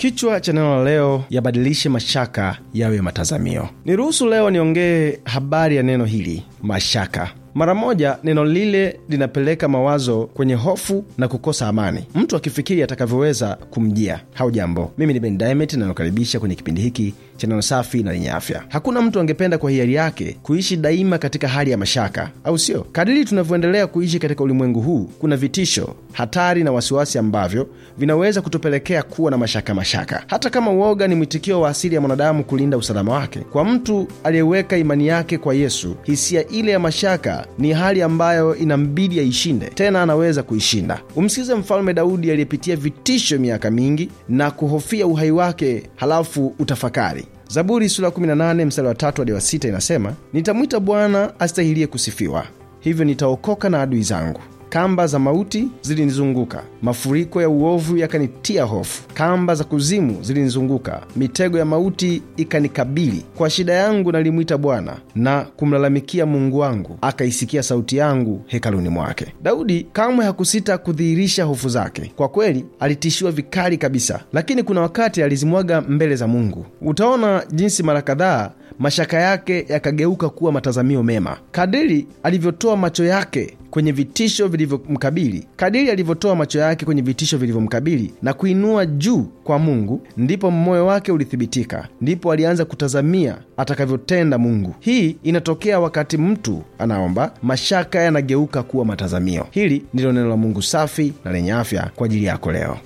Kichwa cha neno la leo, yabadilishe mashaka yawe matazamio. Niruhusu leo niongee habari ya neno hili mashaka. Mara moja neno lile linapeleka mawazo kwenye hofu na kukosa amani, mtu akifikiri atakavyoweza kumjia. Haujambo, mimi ni Ben Diamond kwenye kipindi hiki cha neno safi na lenye afya. Hakuna mtu angependa kwa hiari yake kuishi daima katika hali ya mashaka, au sio? Kadiri tunavyoendelea kuishi katika ulimwengu huu, kuna vitisho, hatari na wasiwasi ambavyo vinaweza kutupelekea kuwa na mashaka mashaka. Hata kama uoga ni mwitikio wa asili ya mwanadamu kulinda usalama wake, kwa mtu aliyeweka imani yake kwa Yesu, hisia ile ya mashaka ni hali ambayo inambidi aishinde, tena anaweza kuishinda. Umsikize Mfalme Daudi aliyepitia vitisho miaka mingi na kuhofia uhai wake, halafu utafakari. Zaburi sura 18 mstari wa 3 hadi wa 6 inasema, nitamwita Bwana asitahiliye kusifiwa, hivyo nitaokoka na adui zangu. Kamba za mauti zilinizunguka, mafuriko ya uovu yakanitia hofu. Kamba za kuzimu zilinizunguka, mitego ya mauti ikanikabili. Kwa shida yangu nalimwita Bwana na kumlalamikia Mungu wangu, akaisikia sauti yangu hekaluni mwake. Daudi kamwe hakusita kudhihirisha hofu zake. Kwa kweli alitishiwa vikali kabisa, lakini kuna wakati alizimwaga mbele za Mungu. Utaona jinsi mara kadhaa mashaka yake yakageuka kuwa matazamio mema kadiri alivyotoa macho yake kwenye vitisho vilivyomkabili. Kadiri alivyotoa macho yake kwenye vitisho vilivyomkabili na kuinua juu kwa Mungu, ndipo moyo wake ulithibitika, ndipo alianza kutazamia atakavyotenda Mungu. Hii inatokea wakati mtu anaomba, mashaka yanageuka kuwa matazamio. Hili ndilo neno la Mungu safi na lenye afya kwa ajili yako leo.